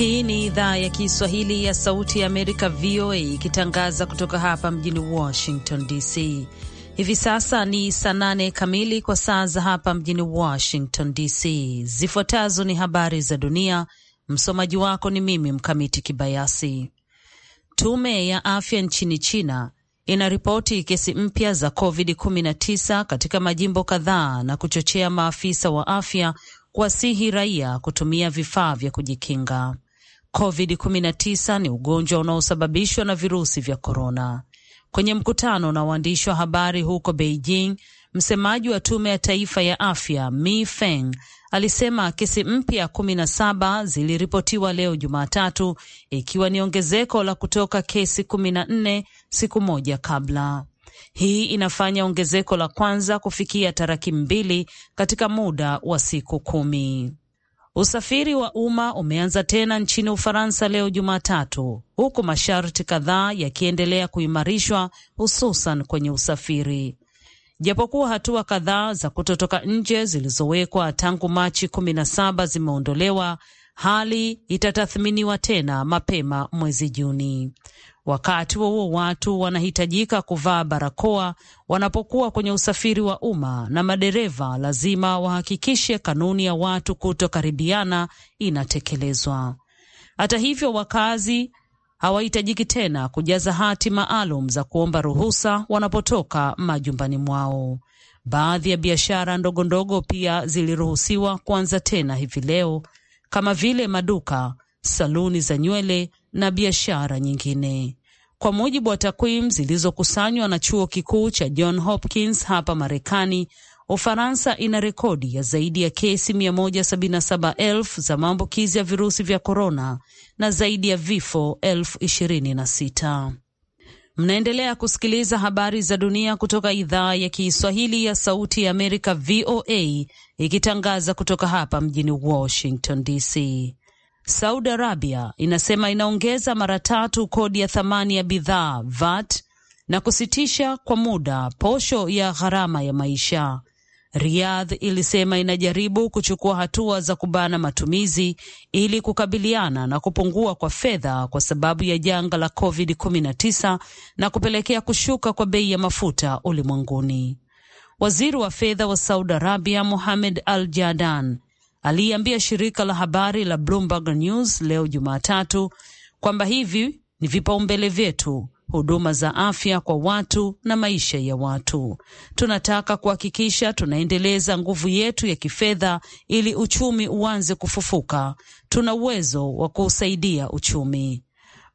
Hii ni idhaa ya Kiswahili ya Sauti ya Amerika, VOA, ikitangaza kutoka hapa mjini Washington DC. Hivi sasa ni saa nane kamili kwa saa za hapa mjini Washington DC. Zifuatazo ni habari za dunia. Msomaji wako ni mimi Mkamiti Kibayasi. Tume ya afya nchini China inaripoti kesi mpya za COVID-19 katika majimbo kadhaa na kuchochea maafisa wa afya kuwasihi raia kutumia vifaa vya kujikinga. COVID-19 ni ugonjwa unaosababishwa na virusi vya korona. Kwenye mkutano na waandishi wa habari huko Beijing, msemaji wa tume ya taifa ya afya Mi Feng alisema kesi mpya kumi na saba ziliripotiwa leo Jumatatu, ikiwa ni ongezeko la kutoka kesi kumi na nne siku moja kabla. Hii inafanya ongezeko la kwanza kufikia tarakimu mbili katika muda wa siku kumi. Usafiri wa umma umeanza tena nchini Ufaransa leo Jumatatu, huku masharti kadhaa yakiendelea kuimarishwa, hususan kwenye usafiri. Japokuwa hatua kadhaa za kutotoka nje zilizowekwa tangu Machi kumi na saba zimeondolewa, hali itatathminiwa tena mapema mwezi Juni. Wakati wa huo watu wanahitajika kuvaa barakoa wanapokuwa kwenye usafiri wa umma na madereva lazima wahakikishe kanuni ya watu kutokaribiana inatekelezwa. Hata hivyo, wakazi hawahitajiki tena kujaza hati maalum za kuomba ruhusa wanapotoka majumbani mwao. Baadhi ya biashara ndogo ndogo pia ziliruhusiwa kuanza tena hivi leo kama vile maduka, saluni za nywele na biashara nyingine. Kwa mujibu wa takwimu zilizokusanywa na chuo kikuu cha John Hopkins hapa Marekani, Ufaransa ina rekodi ya zaidi ya kesi 177,000 za maambukizi ya virusi vya korona na zaidi ya vifo 26 Mnaendelea kusikiliza habari za dunia kutoka idhaa ya Kiswahili ya Sauti ya Amerika, VOA, ikitangaza kutoka hapa mjini Washington DC. Saudi Arabia inasema inaongeza mara tatu kodi ya thamani ya bidhaa VAT na kusitisha kwa muda posho ya gharama ya maisha. Riyadh ilisema inajaribu kuchukua hatua za kubana matumizi ili kukabiliana na kupungua kwa fedha kwa sababu ya janga la COVID-19 na kupelekea kushuka kwa bei ya mafuta ulimwenguni. Waziri wa fedha wa Saudi Arabia Mohamed Al Jadan aliyeambia shirika la habari la Bloomberg News leo Jumatatu kwamba hivi ni vipaumbele vyetu: huduma za afya kwa watu na maisha ya watu. Tunataka kuhakikisha tunaendeleza nguvu yetu ya kifedha ili uchumi uanze kufufuka. Tuna uwezo wa kuusaidia uchumi.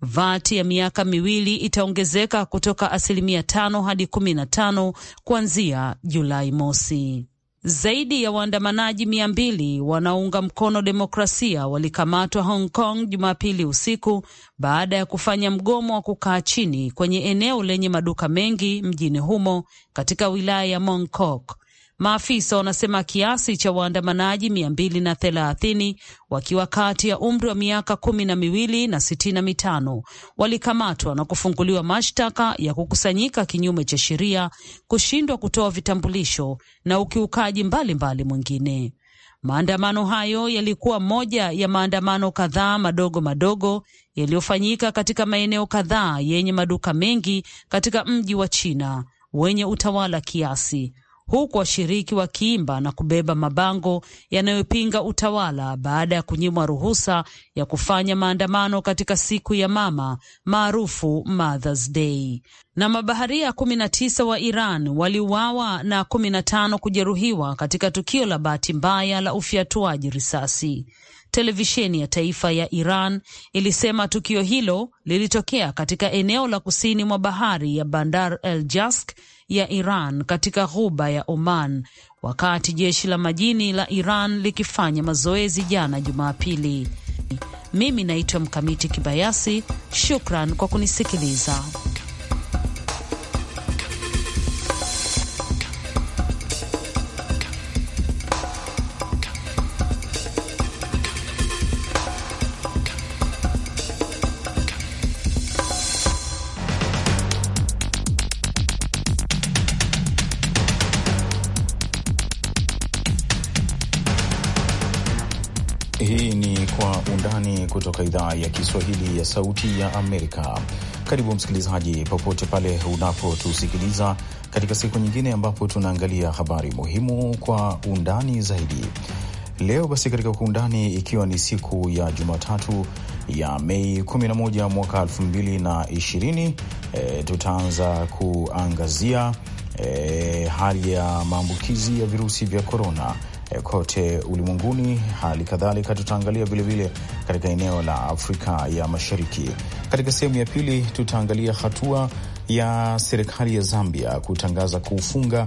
VAT ya miaka miwili itaongezeka kutoka asilimia tano hadi kumi na tano kuanzia Julai mosi. Zaidi ya waandamanaji mia mbili wanaounga mkono demokrasia walikamatwa Hong Kong Jumapili usiku baada ya kufanya mgomo wa kukaa chini kwenye eneo lenye maduka mengi mjini humo katika wilaya ya Mong Kok. Maafisa wanasema kiasi cha waandamanaji mia mbili na thelathini wakiwa kati ya umri wa miaka kumi na miwili na sitini na mitano walikamatwa na kufunguliwa mashtaka ya kukusanyika kinyume cha sheria, kushindwa kutoa vitambulisho na ukiukaji mbalimbali mwingine. Maandamano hayo yalikuwa moja ya maandamano kadhaa madogo madogo yaliyofanyika katika maeneo kadhaa yenye maduka mengi katika mji wa China wenye utawala kiasi huku washiriki wakiimba na kubeba mabango yanayopinga utawala baada ya kunyimwa ruhusa ya kufanya maandamano katika siku ya mama maarufu Mother's Day. Na mabaharia kumi na tisa wa Iran waliuawa na kumi na tano kujeruhiwa katika tukio la bahati mbaya la ufyatuaji risasi. Televisheni ya taifa ya Iran ilisema tukio hilo lilitokea katika eneo la kusini mwa bahari ya Bandar el Jask ya Iran katika ghuba ya Oman wakati jeshi la majini la Iran likifanya mazoezi jana Jumapili. Mimi naitwa Mkamiti Kibayasi. Shukran kwa kunisikiliza. Kiswahili ya Sauti ya Amerika. Karibu msikilizaji, popote pale unapotusikiliza katika siku nyingine ambapo tunaangalia habari muhimu kwa undani zaidi. Leo basi katika kwa undani, ikiwa ni siku ya Jumatatu ya Mei 11 mwaka 2020, e, tutaanza kuangazia e, hali ya maambukizi ya virusi vya korona Eh, kote ulimwenguni. Hali kadhalika tutaangalia vilevile katika eneo la Afrika ya Mashariki. Katika sehemu ya pili tutaangalia hatua ya serikali ya Zambia kutangaza kuufunga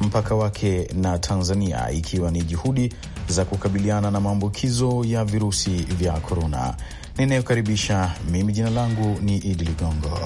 mpaka wake na Tanzania ikiwa ni juhudi za kukabiliana na maambukizo ya virusi vya korona. Ninayokaribisha mimi, jina langu ni Idi Ligongo.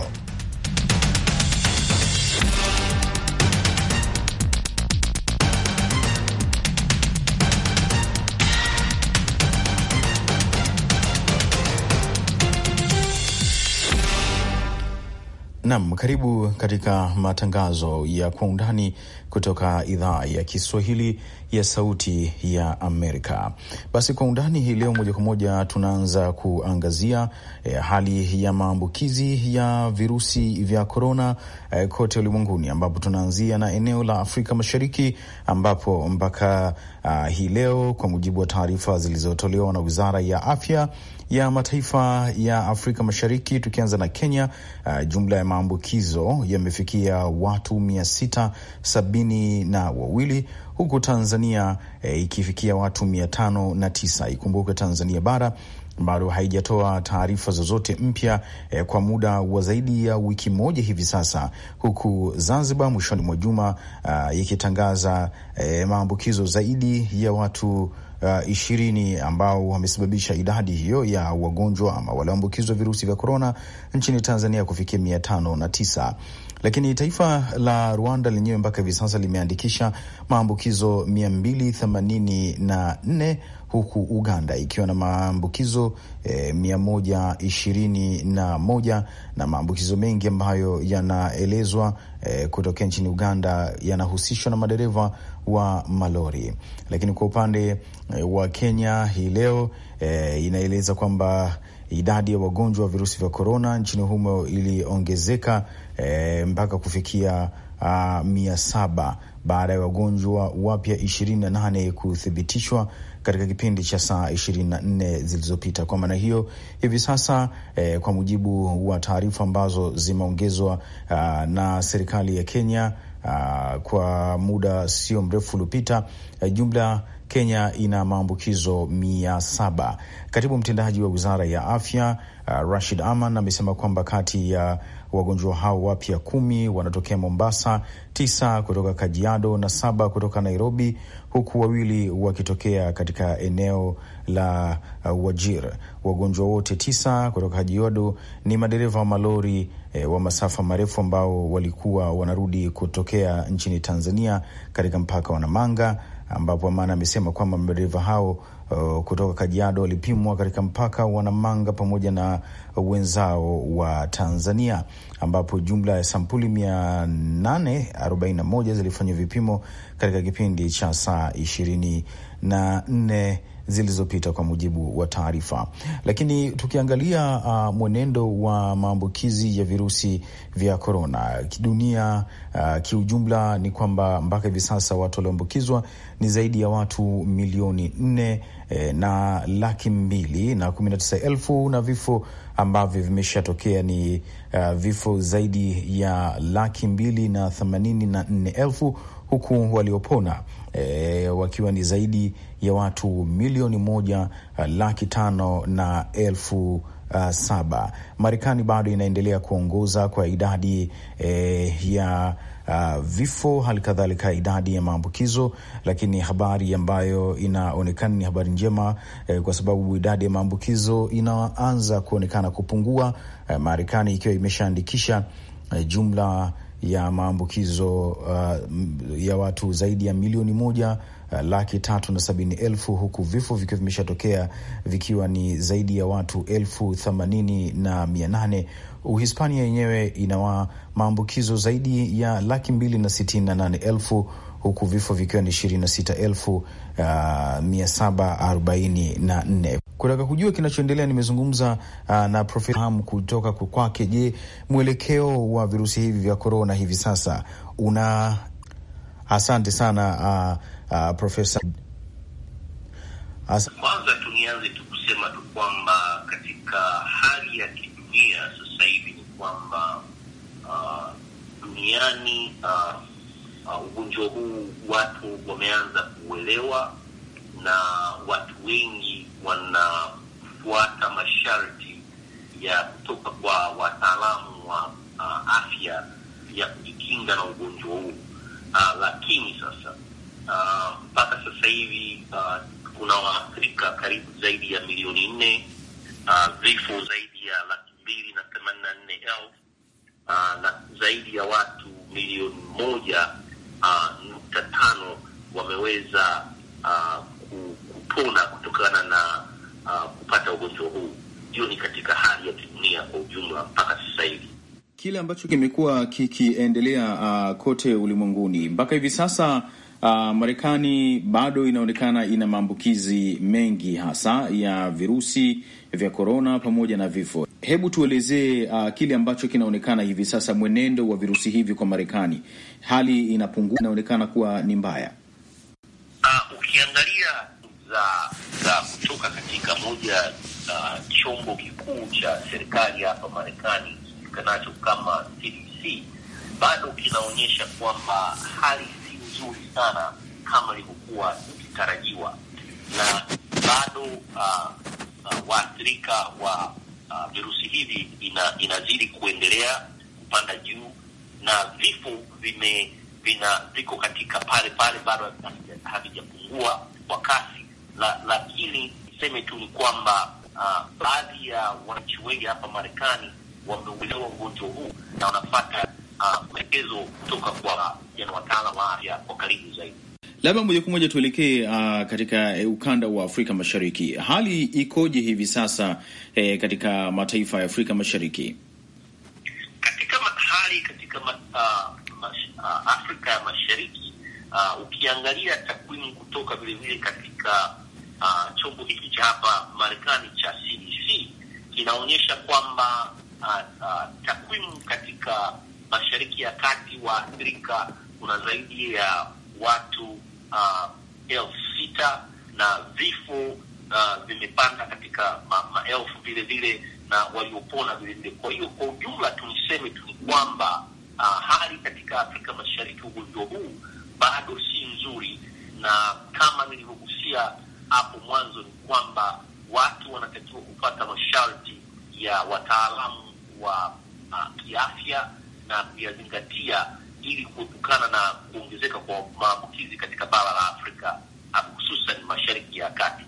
Nam, karibu katika matangazo ya kwa undani kutoka idhaa ya Kiswahili ya Sauti ya Amerika. Basi kwa undani hii leo, moja kwa moja tunaanza kuangazia eh, hali ya maambukizi ya virusi vya korona eh, kote ulimwenguni, ambapo tunaanzia na eneo la Afrika Mashariki ambapo mpaka ah, hii leo kwa mujibu wa taarifa zilizotolewa na Wizara ya Afya ya mataifa ya Afrika Mashariki, tukianza na Kenya. Uh, jumla ya maambukizo yamefikia watu mia sita sabini na wawili huku Tanzania eh, ikifikia watu mia tano na tisa. Ikumbuke Tanzania bara bado haijatoa taarifa zozote mpya eh, kwa muda wa zaidi ya wiki moja hivi sasa, huku Zanzibar mwishoni mwa juma uh, ikitangaza eh, maambukizo zaidi ya watu uh, ishirini ambao wamesababisha idadi hiyo ya wagonjwa ama walioambukizwa virusi vya korona nchini Tanzania kufikia mia tano na tisa. Lakini taifa la Rwanda lenyewe mpaka hivi sasa limeandikisha maambukizo 284 huku Uganda ikiwa na maambukizo eh, mia moja ishirini na moja na maambukizo mengi ambayo yanaelezwa eh, kutokea nchini Uganda yanahusishwa na madereva wa malori. Lakini kwa upande eh, wa Kenya hii leo eh, inaeleza kwamba idadi ya wagonjwa wa virusi vya korona nchini humo iliongezeka e, mpaka kufikia a, ah, mia saba baada ya wagonjwa wapya 28 kuthibitishwa katika kipindi cha saa 24 zilizopita. Kwa maana hiyo, hivi sasa e, kwa mujibu wa taarifa ambazo zimeongezwa ah, na serikali ya Kenya a, ah, kwa muda sio mrefu uliopita, eh, jumla Kenya ina maambukizo mia saba. Katibu mtendaji wa wizara ya afya uh, Rashid Aman amesema kwamba kati ya wagonjwa hao wapya kumi wanatokea Mombasa, tisa kutoka Kajiado na saba kutoka Nairobi, huku wawili wakitokea katika eneo la uh, Wajir. Wagonjwa wote tisa kutoka Kajiado ni madereva wa malori eh, wa masafa marefu ambao walikuwa wanarudi kutokea nchini Tanzania katika mpaka wa Namanga ambapo Amana amesema kwamba madereva hao uh, kutoka Kajiado walipimwa katika mpaka wa Namanga pamoja na wenzao wa Tanzania, ambapo jumla ya sampuli 841 zilifanywa vipimo katika kipindi cha saa nne zilizopita kwa mujibu wa taarifa. Lakini tukiangalia uh, mwenendo wa maambukizi ya virusi vya korona dunia uh, kiujumla ni kwamba mpaka hivi sasa watu walioambukizwa ni zaidi ya watu milioni nne eh, na laki mbili na kumi na tisa elfu na vifo ambavyo vimeshatokea ni uh, vifo zaidi ya laki mbili na themanini na nne elfu huku waliopona eh, wakiwa ni zaidi ya watu milioni moja eh, laki tano na elfu Uh, saba. Marekani bado inaendelea kuongoza kwa idadi eh, ya uh, vifo, hali kadhalika idadi ya maambukizo, lakini habari ambayo inaonekana ni habari njema eh, kwa sababu idadi ya maambukizo inaanza kuonekana kupungua eh, Marekani ikiwa imeshaandikisha eh, jumla ya maambukizo uh, ya watu zaidi ya milioni moja laki tatu na sabini elfu huku vifo vikiwa vimeshatokea vikiwa ni zaidi ya watu elfu themanini na mia nane. Uhispania yenyewe ina maambukizo zaidi ya laki mbili na sitini na nane elfu huku vifo vikiwa ni ishirini na sita elfu ah, mia saba arobaini na nne. Kutaka kujua kinachoendelea nimezungumza uh, na Profesa Ham kutoka kwake. Je, mwelekeo wa virusi hivi vya korona hivi sasa una Asante sana uh, uh, Profesa. Kwanza tunianze tu kusema tu kwamba katika hali ya kidunia sasa hivi ni kwamba uh, duniani uh, uh, ugonjwa huu watu wameanza kuelewa na watu wengi wanafuata masharti ya kutoka kwa wataalamu wa uh, afya ya kujikinga na ugonjwa huu uh, lakini sasa ah, mpaka sasa hivi uh, kuna waathirika karibu zaidi ya milioni nne uh, vifo zaidi ya laki mbili na themanini na nne elfu uh, na zaidi ya watu milioni moja uh, nukta tano wameweza uh, kupona kutokana na uh, kupata ugonjwa huu. Hiyo ni katika hali ya kidunia kwa ujumla mpaka sasa hivi kile ambacho kimekuwa kikiendelea uh, kote ulimwenguni mpaka hivi sasa. Uh, Marekani bado inaonekana ina maambukizi mengi hasa ya virusi vya korona pamoja na vifo. Hebu tuelezee uh, kile ambacho kinaonekana hivi sasa, mwenendo wa virusi hivi kwa Marekani. Hali inapungua, inaonekana kuwa ni mbaya. Uh, ukiangalia za za kutoka katika moja uh, chombo kikuu cha serikali hapa Marekani kijulikanacho kama CDC bado kinaonyesha kwamba hali si nzuri sana kama ilivyokuwa ikitarajiwa, na bado uh, uh, waathirika wa uh, virusi hivi ina, inazidi kuendelea kupanda juu na vifo vime vina viko katika pale pale, bado havijapungua kwa kasi, lakini la niseme tu ni kwamba uh, baadhi ya wananchi wengi hapa Marekani wameugua ugonjwa huu na wanapata ah, maelekezo uh, kutoka kwa jana wataalam wa afya kwa karibu zaidi. Labda moja kwa moja tuelekee uh, katika uh, ukanda wa Afrika Mashariki, hali ikoje hivi sasa uh, katika mataifa ya Afrika Mashariki? Katika ma hali katika ma, uh, mas, uh, Afrika ya Mashariki uh, ukiangalia takwimu kutoka vilevile katika uh, chombo hiki cha hapa Marekani cha CDC kinaonyesha kwamba uh, uh, takwimu katika mashariki ya kati wa afrika kuna zaidi ya watu uh, elfu sita na vifo uh, vimepanda katika maelfu ma vilevile na waliopona vilevile. Kwa hiyo kwa ujumla tuniseme tu ni kwamba uh, hali katika Afrika Mashariki ugonjwa huu bado si nzuri, na kama nilivyogusia hapo mwanzo ni kwamba watu wanatakiwa kupata masharti ya wataalamu wa uh, kiafya na kuyazingatia ili kuepukana na kuongezeka kwa maambukizi katika bara la Afrika ah, hususan mashariki ya kati.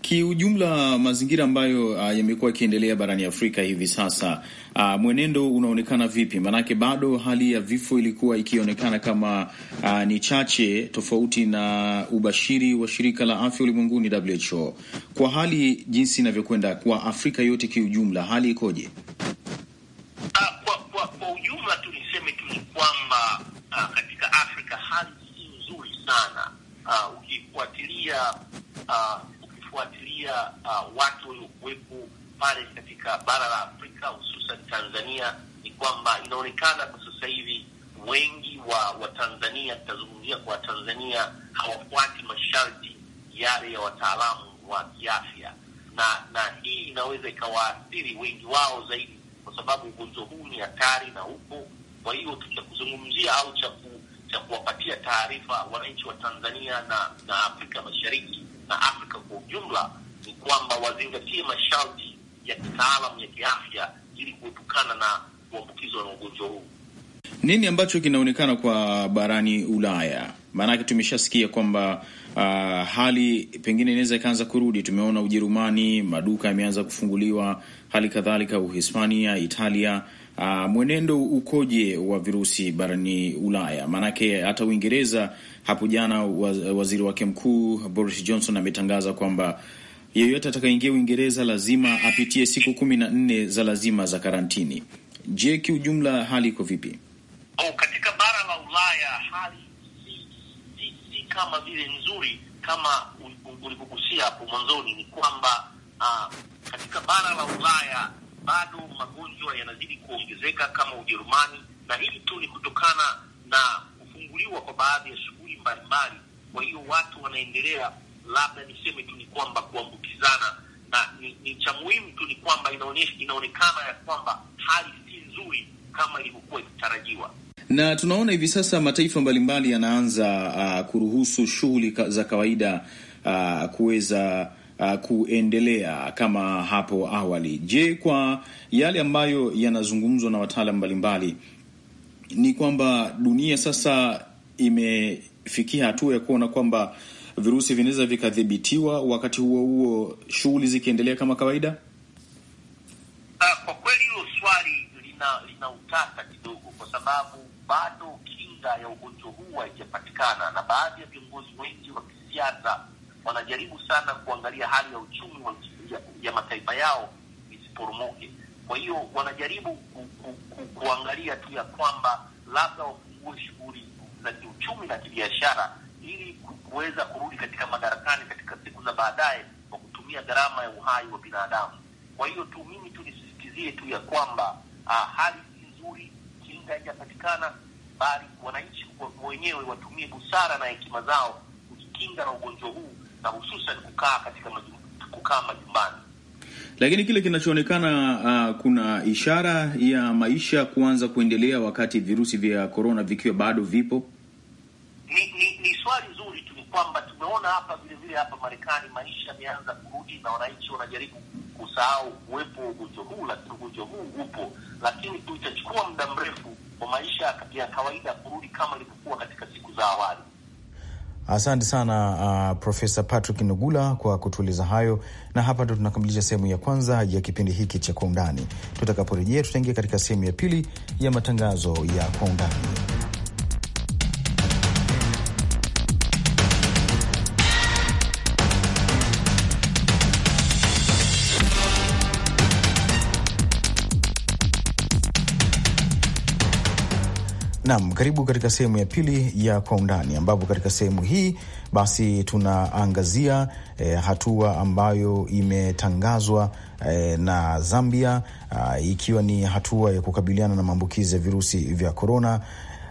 Kiujumla, mazingira ambayo uh, yamekuwa yakiendelea barani Afrika hivi sasa uh, mwenendo unaonekana vipi? Maanake bado hali ya vifo ilikuwa ikionekana kama uh, ni chache, tofauti na ubashiri wa shirika la afya ulimwenguni WHO. Kwa hali jinsi inavyokwenda kwa Afrika yote kiujumla, hali ikoje? sana uh, ukifuatilia uh, ukifuatilia uh, watu waliokuwepo pale katika bara la Afrika hususan Tanzania ni kwamba inaonekana kwa sasa hivi wengi wa Watanzania, tutazungumzia kwa Watanzania, hawafuati masharti yale ya wataalamu wa kiafya, na na hii inaweza ikawaathiri wengi wao zaidi, kwa sababu ugonjwa huu ni hatari na upo. Kwa hiyo tuta kuzungumzia au cha ku na kuwapatia taarifa wananchi wa Tanzania na, na Afrika Mashariki na Afrika kwa ujumla ni kwamba wazingatie masharti ya kitaalamu ya kiafya ili kuepukana na kuambukizwa na ugonjwa huu. Nini ambacho kinaonekana kwa barani Ulaya? Maanake tumeshasikia kwamba uh, hali pengine inaweza ikaanza kurudi. Tumeona Ujerumani maduka yameanza kufunguliwa, hali kadhalika Uhispania, Italia uh, mwenendo ukoje wa virusi barani Ulaya? Maanake hata Uingereza hapo jana waz, waziri wake mkuu Boris Johnson ametangaza kwamba yeyote atakayeingia Uingereza lazima apitie siku kumi na nne za lazima za karantini. Je, kiujumla hali iko vipi? Oh, katika bara la Ulaya hali si, si, si kama vile nzuri kama ulivyogusia hapo mwanzoni, ni kwamba uh, katika bara la Ulaya bado magonjwa yanazidi kuongezeka kama Ujerumani, na hili tu ni kutokana na kufunguliwa kwa baadhi ya shughuli mbalimbali. Kwa hiyo watu wanaendelea, labda niseme tu ni kwamba kuambukizana, na ni, ni cha muhimu tu ni kwamba inaonekana ya kwamba hali si nzuri kama ilivyokuwa ikitarajiwa na tunaona hivi sasa mataifa mbalimbali yanaanza uh, kuruhusu shughuli za kawaida uh, kuweza uh, kuendelea kama hapo awali. Je, kwa yale ambayo yanazungumzwa na wataalam mbalimbali ni kwamba dunia sasa imefikia hatua ya kuona kwamba virusi vinaweza vikadhibitiwa, wakati huo huo shughuli zikiendelea kama kawaida? Uh, kwa kweli hilo swali lina, lina utata kidogo, kwa sababu bado kinga ya ugonjwa huu haijapatikana na baadhi ya viongozi wengi wa kisiasa wanajaribu sana kuangalia hali ya uchumi wa, ya, ya mataifa yao isiporomoke. Kwa hiyo wanajaribu ku, ku, ku, kuangalia tu ya kwamba labda wafungue shughuli za kiuchumi na kibiashara ili kuweza kurudi katika madarakani katika siku za baadaye kwa kutumia gharama ya uhai wa binadamu. Kwa hiyo tu mimi tu nisisitizie tu ya kwamba ah, hali si nzuri, kinga haijapatikana, bali wananchi wenyewe watumie busara na hekima zao kujikinga na ugonjwa huu na hususan kukaa katika majum, kukaa majumbani. Lakini kile kinachoonekana uh, kuna ishara ya maisha kuanza kuendelea wakati virusi vya korona vikiwa bado vipo. Ni, ni, ni swali zuri tu, ni kwamba tumeona hapa vilevile hapa Marekani maisha yameanza kurudi na wananchi wanajaribu kusahau uwepo wa ugonjwa huu, lakini ugonjwa huu upo, lakini itachukua muda mrefu wa maisha ya kawaida kurudi kama ilivyokuwa katika siku za awali. Asante sana uh, Profesa Patrick Nugula kwa kutueleza hayo, na hapa ndo tunakamilisha sehemu ya kwanza ya kipindi hiki cha Kwa Undani. Tutakaporejea, tutaingia katika sehemu ya pili ya matangazo ya Kwa Undani. Naam, karibu katika sehemu ya pili ya kwa undani, ambapo katika sehemu hii basi tunaangazia e, hatua ambayo imetangazwa e, na Zambia ah, ikiwa ni hatua ya kukabiliana na maambukizi ya virusi vya korona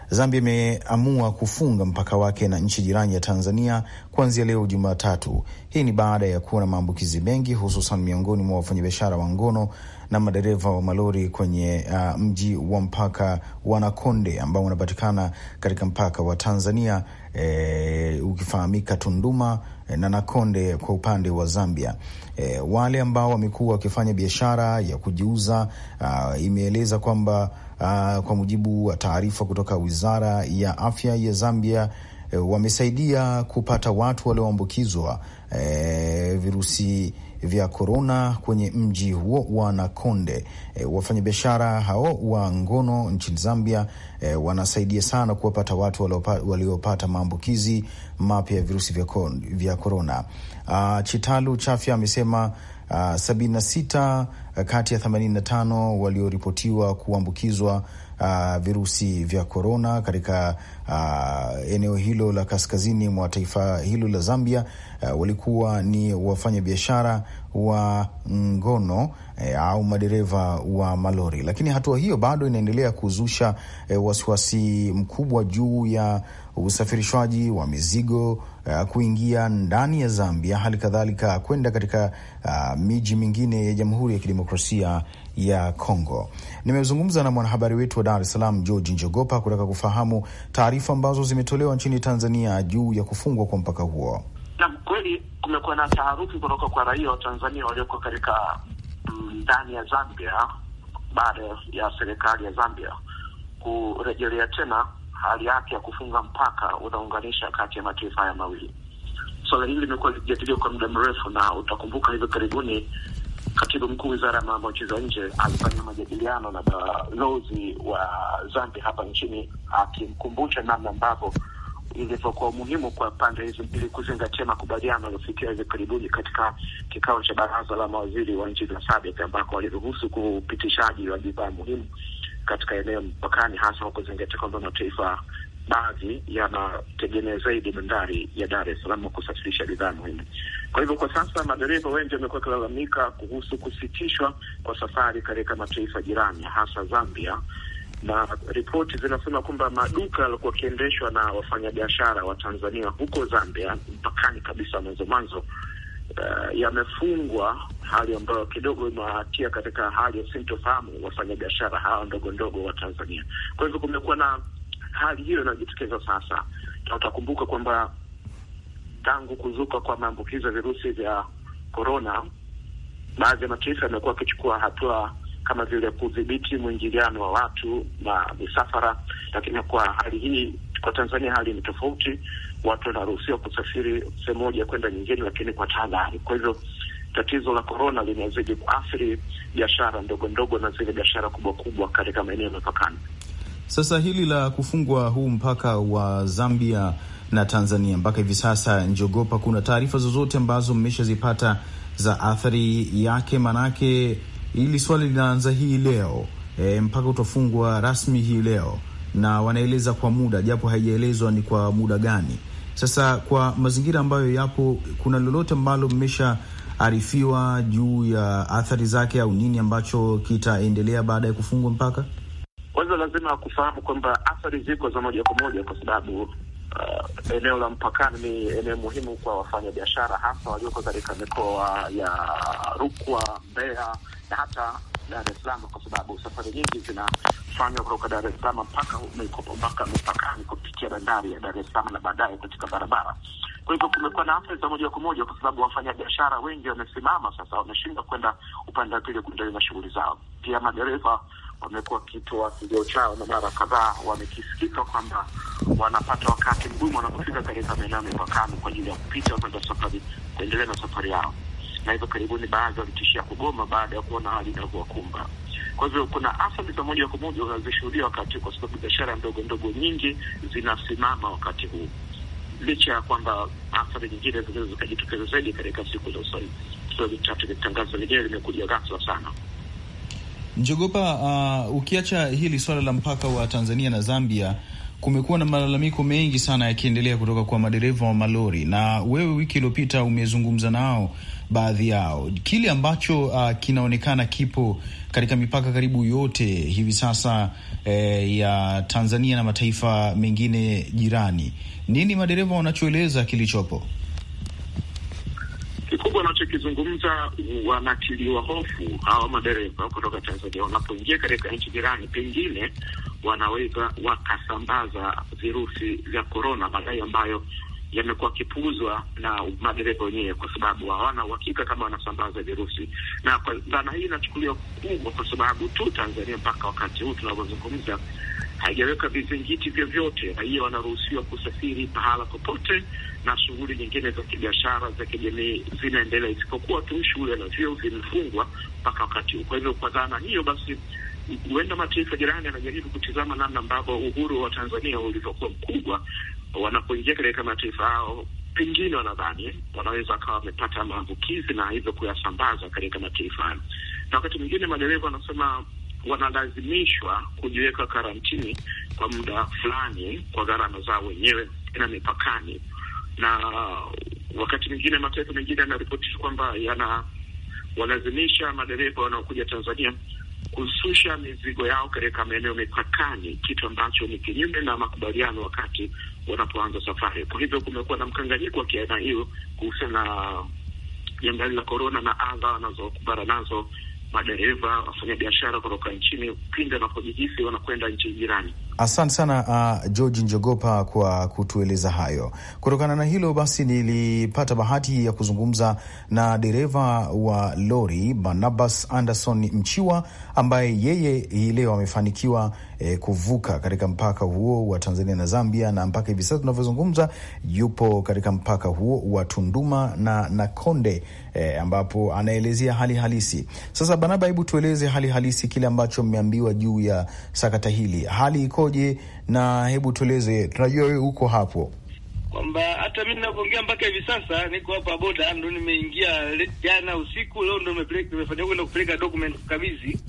Zambia imeamua kufunga mpaka wake na nchi jirani ya Tanzania kuanzia leo Jumatatu. Hii ni baada ya kuwa na maambukizi mengi hususan miongoni mwa wafanyabiashara wa ngono na madereva wa malori kwenye uh, mji wa mpaka wa Nakonde ambao unapatikana katika mpaka wa Tanzania e, ukifahamika Tunduma eh, na Nakonde kwa upande wa Zambia. E, wale ambao wamekuwa wakifanya biashara ya kujiuza uh, imeeleza kwamba uh, kwa mujibu wa taarifa kutoka wizara ya afya ya Zambia eh, wamesaidia kupata watu walioambukizwa eh, virusi vya korona kwenye mji huo wa Nakonde. E, wafanyabiashara hao wa ngono nchini Zambia e, wanasaidia sana kuwapata watu waliopata maambukizi mapya ya virusi vya korona. Ah, Chitalu Chafya amesema Ah, na 76 eh, kati ya 85 walioripotiwa kuambukizwa uh, virusi vya korona katika uh, eneo hilo la kaskazini mwa taifa hilo la Zambia uh, walikuwa ni wafanyabiashara wa ngono eh, au madereva wa malori, lakini hatua hiyo bado inaendelea kuzusha eh, wasiwasi mkubwa juu ya usafirishwaji wa mizigo uh, kuingia ndani ya Zambia, hali kadhalika kwenda katika uh, miji mingine ya Jamhuri ya Kidemokrasia ya Kongo. Nimezungumza na mwanahabari wetu wa Dar es Salaam George Njogopa kutaka kufahamu taarifa ambazo zimetolewa nchini Tanzania juu ya kufungwa kwa mpaka huo. Naam, kweli kumekuwa na taharuki kutoka kwa raia wa Tanzania walioko katika mm, ndani ya Zambia baada ya serikali ya Zambia kurejelea tena hali yake ya kufunga mpaka unaunganisha kati ya mataifa haya mawili. Swala so, hili limekuwa likijadiliwa kwa muda mrefu, na utakumbuka hivi karibuni katibu mkuu wizara ya mambo ya nchi za nje alifanya majadiliano na balozi wa Zambia hapa nchini akimkumbusha namna ambavyo ilivyokuwa umuhimu kwa pande hizi mbili kuzingatia makubaliano yaliyofikia hivi karibuni katika kikao cha baraza la mawaziri wa nchi za SADC ambako waliruhusu kupitishaji wa bidhaa muhimu katika eneo mpakani, hasa kuzingatia kwamba mataifa baadhi yanategemea zaidi bandari ya Dar es Salaam kusafirisha bidhaa muhimu. Kwa hivyo, kwa sasa madereva wengi wamekuwa wakilalamika kuhusu kusitishwa kwa safari katika mataifa jirani, hasa Zambia, na ripoti zinasema kwamba maduka yalikuwa akiendeshwa na wafanyabiashara wa Tanzania huko Zambia, mpakani kabisa, mwanzo mwanzo uh, yamefungwa, hali ambayo kidogo imewatia katika hali ya sintofahamu wafanyabiashara hawa ndogo ndogo wa Tanzania. Kwa hivyo kumekuwa na hali hiyo inayojitokeza sasa, na utakumbuka kwamba tangu kuzuka kwa maambukizo ya virusi vya korona, baadhi ya mataifa yamekuwa akichukua hatua kama vile kudhibiti mwingiliano wa watu na misafara, lakini kwa hali hii kwa Tanzania hali ni tofauti watu wanaruhusiwa kusafiri sehemu moja kwenda nyingine, lakini kwa tahadhari. Kwa hivyo tatizo la korona linazidi kuathiri biashara ndogo ndogo na zile biashara kubwa kubwa katika maeneo yanayopakana. Sasa hili la kufungwa huu mpaka wa Zambia na Tanzania mpaka hivi sasa, njogopa, kuna taarifa zozote ambazo mmeshazipata za athari yake? Maanake hili swali linaanza hii leo e, mpaka utafungwa rasmi hii leo, na wanaeleza kwa muda, japo haijaelezwa ni kwa muda gani. Sasa kwa mazingira ambayo yapo, kuna lolote ambalo mmeshaarifiwa juu ya athari zake au nini ambacho kitaendelea baada ya kufungwa mpaka? Kwanza lazima kufahamu kwamba athari ziko za moja kwa moja, kwa sababu uh, eneo la mpakani ni eneo muhimu kwa wafanyabiashara, hasa walioko katika mikoa ya Rukwa, Mbeya na hata Dar es Salaam, kwa sababu safari nyingi zina kufanywa kutoka Dar es Salaam mpaka mpaka mpakani kupitia bandari ya Dar es Salaam na baadaye katika barabara. Kwa hivyo kumekuwa na athari za moja kwa moja, kwa sababu wafanyabiashara wengi wamesimama sasa, wameshindwa kwenda upande wa pili kuendelea na shughuli zao. Pia madereva wamekuwa wakitoa kilio chao, na mara kadhaa wamekisikika kwamba wanapata wakati mgumu wanapofika katika maeneo ya mipakani kwa ajili ya kupita kwenda safari, kuendelea na safari yao, na hivyo karibuni baadhi walitishia kugoma baada ya kuona hali inavyowakumba. Kwa hivyo kuna athari za moja kwa moja unazishuhudia wakati, kwa sababu biashara ndogo ndogo nyingi zinasimama wakati huu, licha ya kwamba athari nyingine zinaweza zikajitokeza zaidi katika siku za usoni. Tangazo lenyewe limekuja ghafla sana. Njogopa, uh, ukiacha hili swala la mpaka wa Tanzania na Zambia, kumekuwa na malalamiko mengi sana yakiendelea kutoka kwa madereva wa malori, na wewe wiki iliyopita umezungumza nao baadhi yao, kile ambacho uh, kinaonekana kipo katika mipaka karibu yote hivi sasa eh, ya Tanzania na mataifa mengine jirani. Nini madereva wanachoeleza kilichopo? Kikubwa wanachokizungumza, wanatiliwa hofu hawa madereva kutoka Tanzania, wanapoingia katika nchi jirani, pengine wanaweza wakasambaza virusi vya korona, madai ambayo yamekuwa akipuuzwa na madereva wenyewe, kwa sababu hawana uhakika kama wanasambaza virusi. Na kwa dhana hii inachukuliwa kubwa, kwa sababu tu Tanzania mpaka wakati huu tunavyozungumza haijaweka vizingiti vyovyote. Raia wanaruhusiwa kusafiri pahala popote, na shughuli nyingine za kibiashara, za kijamii zinaendelea, isipokuwa tu shule na vyuo vimefungwa mpaka wakati huu. Kwa hivyo, kwa dhana hiyo basi huenda mataifa jirani yanajaribu kutizama namna ambavyo uhuru wa Tanzania ulivyokuwa mkubwa wanapoingia katika mataifa yao pengine wanadhani wanaweza wakawa wamepata maambukizi na hivyo kuyasambaza katika mataifa hayo. Na wakati mwingine madereva wanasema wanalazimishwa kujiweka karantini kwa muda fulani kwa gharama zao wenyewe na mipakani, na wakati mwingine mataifa mengine yanaripotisha kwamba yana walazimisha madereva wanaokuja Tanzania kushusha mizigo yao katika maeneo mipakani, kitu ambacho ni kinyume na makubaliano wakati wanapoanza safari. Kwa hivyo kumekuwa na mkanganyiko wa kiaina hiyo kuhusiana na janga la korona na adha wanazokumbana nazo madereva, wafanyabiashara kutoka nchini pindi wanapojihisi wanakwenda nchi jirani. Asante sana uh, George Njogopa kwa kutueleza hayo. Kutokana na hilo basi, nilipata bahati ya kuzungumza na dereva wa lori Barnabas Anderson Mchiwa ambaye yeye hii leo amefanikiwa eh, kuvuka katika mpaka huo wa Tanzania na Zambia, na mpaka hivi sasa tunavyozungumza yupo katika mpaka huo wa Tunduma na Nakonde eh, ambapo anaelezea hali halisi. Sasa Barnaba, hebu tueleze hali halisi, kile ambacho mmeambiwa juu ya sakata hili, hali iko ukoje? Na hebu tueleze, tunajua wewe uko hapo kwamba hata mi navyoongea mpaka hivi sasa niko hapa boda, ndo nimeingia jana usiku, leo ndo nimefanya kwenda kupeleka document kukabidhi,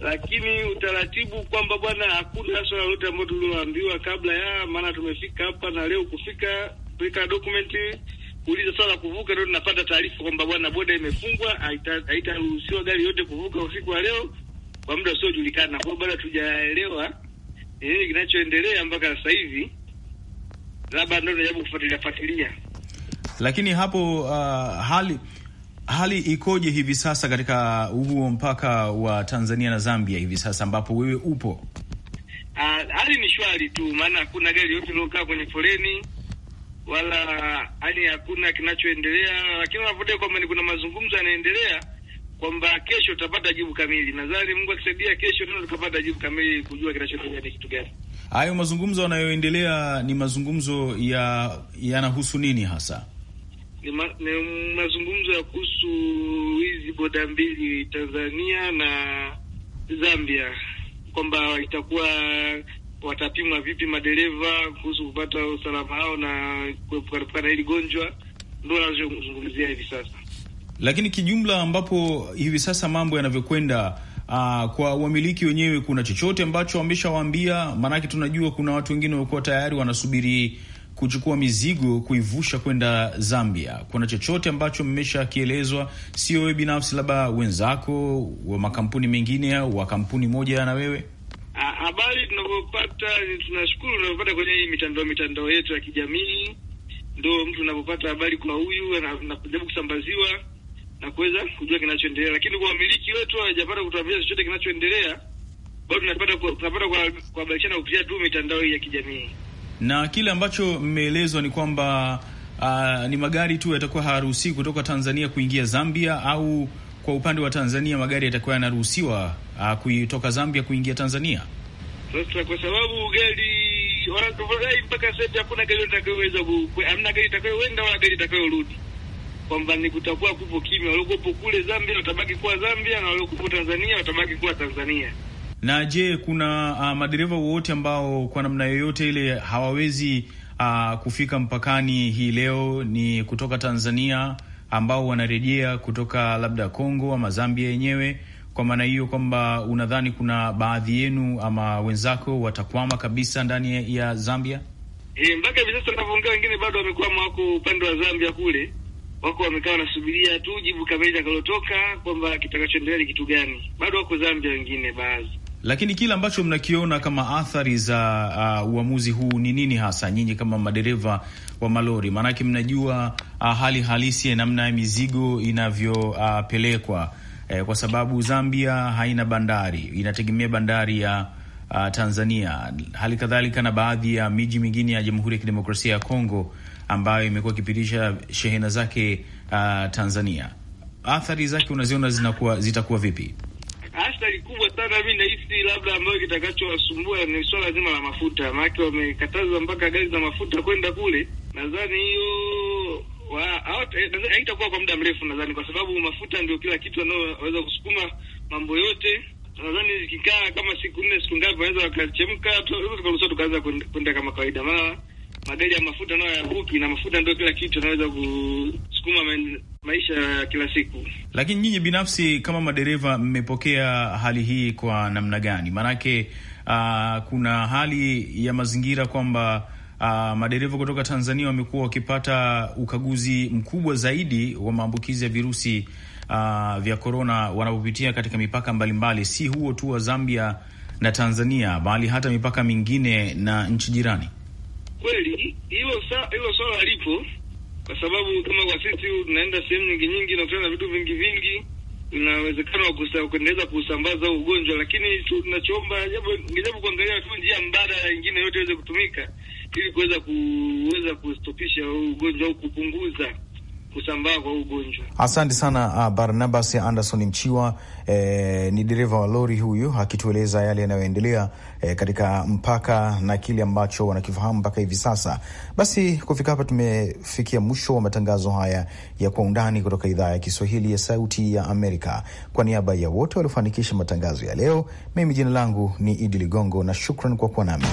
lakini utaratibu kwamba bwana, hakuna swala lolote ambayo tulioambiwa kabla ya, maana tumefika hapa na leo kufika kupeleka document, kuuliza swala kuvuka, ndo tunapata taarifa kwamba bwana, boda imefungwa, haitaruhusiwa gari yote kuvuka usiku wa leo kwa muda usiojulikana. Kwao bado hatujaelewa nini kinachoendelea mpaka sasa hivi, labda ndio najaribu kufuatilia fuatilia. Lakini hapo uh, hali hali ikoje hivi sasa katika huo mpaka wa Tanzania na Zambia hivi sasa ambapo wewe upo? Uh, hali ni shwari tu, maana hakuna gari yote iliyokaa kwenye foleni wala hali hakuna kinachoendelea, lakini unavyodai kwamba ni kuna mazungumzo yanaendelea kwamba kesho tutapata jibu kamili. Nadhani Mungu akisaidia, kesho tena tutapata jibu kamili kujua kinachotokea ni kitu gani. Hayo mazungumzo yanayoendelea ni mazungumzo ya yanahusu nini hasa? Ni, ma, ni mazungumzo ya kuhusu hizi boda mbili Tanzania na Zambia, kwamba itakuwa watapimwa vipi madereva kuhusu kupata usalama wao na kuepukana na hili gonjwa, ndo wanachozungumzia hivi sasa. Lakini kijumla, ambapo hivi sasa mambo yanavyokwenda, uh, kwa wamiliki wenyewe, kuna chochote ambacho wameshawaambia? Maanake tunajua kuna watu wengine walikuwa tayari wanasubiri kuchukua mizigo kuivusha kwenda Zambia. Kuna chochote ambacho mmeshakielezwa, sio wewe binafsi, labda wenzako wa makampuni mengine au wa kampuni moja na wewe? Ah, habari tunavyopata, tunashukuru tunavyopata kwenye hii mitandao mitandao yetu ya kijamii, ndio mtu unapopata habari, kwa huyu anajaribu kusambaziwa na kuweza kujua kinachoendelea, lakini kwa wamiliki wetu hawajapata kutuambia chochote kinachoendelea, bado tunapata tunapata kuhabarishana kupitia tu mitandao hii ya kijamii, na kile ambacho mmeelezwa ni kwamba uh, ni magari tu yatakuwa hayaruhusiwi kutoka Tanzania kuingia Zambia, au kwa upande wa Tanzania magari yatakuwa yanaruhusiwa uh, ah, kutoka Zambia kuingia Tanzania. Sasa kwa sababu gari mpaka sasa hakuna gari itakayoweza, hamna gari itakayoenda wala gari itakayoludi kwamba ni kutakuwa kupo kimya, waliokuwepo kule Zambia watabaki kuwa Zambia na waliokuwepo Tanzania watabaki kuwa Tanzania. Na je, kuna uh, madereva wowote ambao kwa namna yoyote ile hawawezi uh, kufika mpakani hii leo, ni kutoka Tanzania ambao wanarejea kutoka labda Kongo ama Zambia yenyewe? Kwa maana hiyo kwamba unadhani kuna baadhi yenu ama wenzako watakwama kabisa ndani ya Zambia? E, mpaka hivi sasa tunavyoongea wengine bado wamekwama, wako upande wa Zambia kule wako wamekaa wanasubiria tu jibu kamili takalotoka kwamba kitakachoendelea ni kitu gani. Bado wako Zambia wengine baadhi lakini kile ambacho mnakiona kama athari za uh, uamuzi huu ni nini hasa, nyinyi kama madereva wa malori? Maanake mnajua uh, hali halisi ya namna ya mizigo inavyopelekwa uh, eh, kwa sababu Zambia haina bandari, inategemea bandari ya uh, Tanzania, hali kadhalika na baadhi ya miji mingine ya Jamhuri ya Kidemokrasia ya Kongo ambayo imekuwa ikipitisha shehena zake uh, Tanzania, athari zake unaziona zinakuwa zitakuwa vipi? Athari kubwa sana, mi nahisi labda ambayo kitakachowasumbua ni swala zima la mafuta, maanake wamekataza mpaka gari za mafuta kwenda kule. Nadhani hiyo eh, haitakuwa kwa muda mrefu, nadhani kwa sababu mafuta ndio kila kitu anaoweza kusukuma mambo yote. Nadhani zikikaa kama siku nne siku ngapi, wanaweza wakachemka, tukaruhusiwa tukaanza kwenda kama kawaida, maana magari ya mafuta nayo ya buki na mafuta ndio kila kitu, anaweza kusukuma maisha ya kila siku. Lakini nyinyi binafsi kama madereva mmepokea hali hii kwa namna gani? Maanake uh, kuna hali ya mazingira kwamba Uh, madereva kutoka Tanzania wamekuwa wakipata ukaguzi mkubwa zaidi wa maambukizi ya virusi uh, vya korona wanapopitia katika mipaka mbalimbali mbali. Si huo tu wa Zambia na Tanzania bali hata mipaka mingine na nchi jirani kweli hilo hilo swala lipo, kwa sababu kama kwa sisi tunaenda sehemu nyingi nyingi na na vitu vingi vingi, inawezekana wa kuendeleza kusambaza ugonjwa, lakini tunachoomba jambo ngejabu kuangalia tu njia mbadala nyingine yote iweze kutumika ili kuweza kuweza kustopisha ugonjwa au kupunguza kusambaa kwa ugonjwa. Asante sana uh, Barnabas Anderson Mchiwa, eh, ni dereva wa lori huyu akitueleza yale yanayoendelea eh, katika mpaka na kile ambacho wanakifahamu mpaka hivi sasa. Basi kufika hapa tumefikia mwisho wa matangazo haya ya kwa undani kutoka idhaa ya Kiswahili ya Sauti ya Amerika. Kwa niaba ya wote waliofanikisha matangazo ya leo, mimi jina langu ni Idi Ligongo na shukran kwa kuwa nami.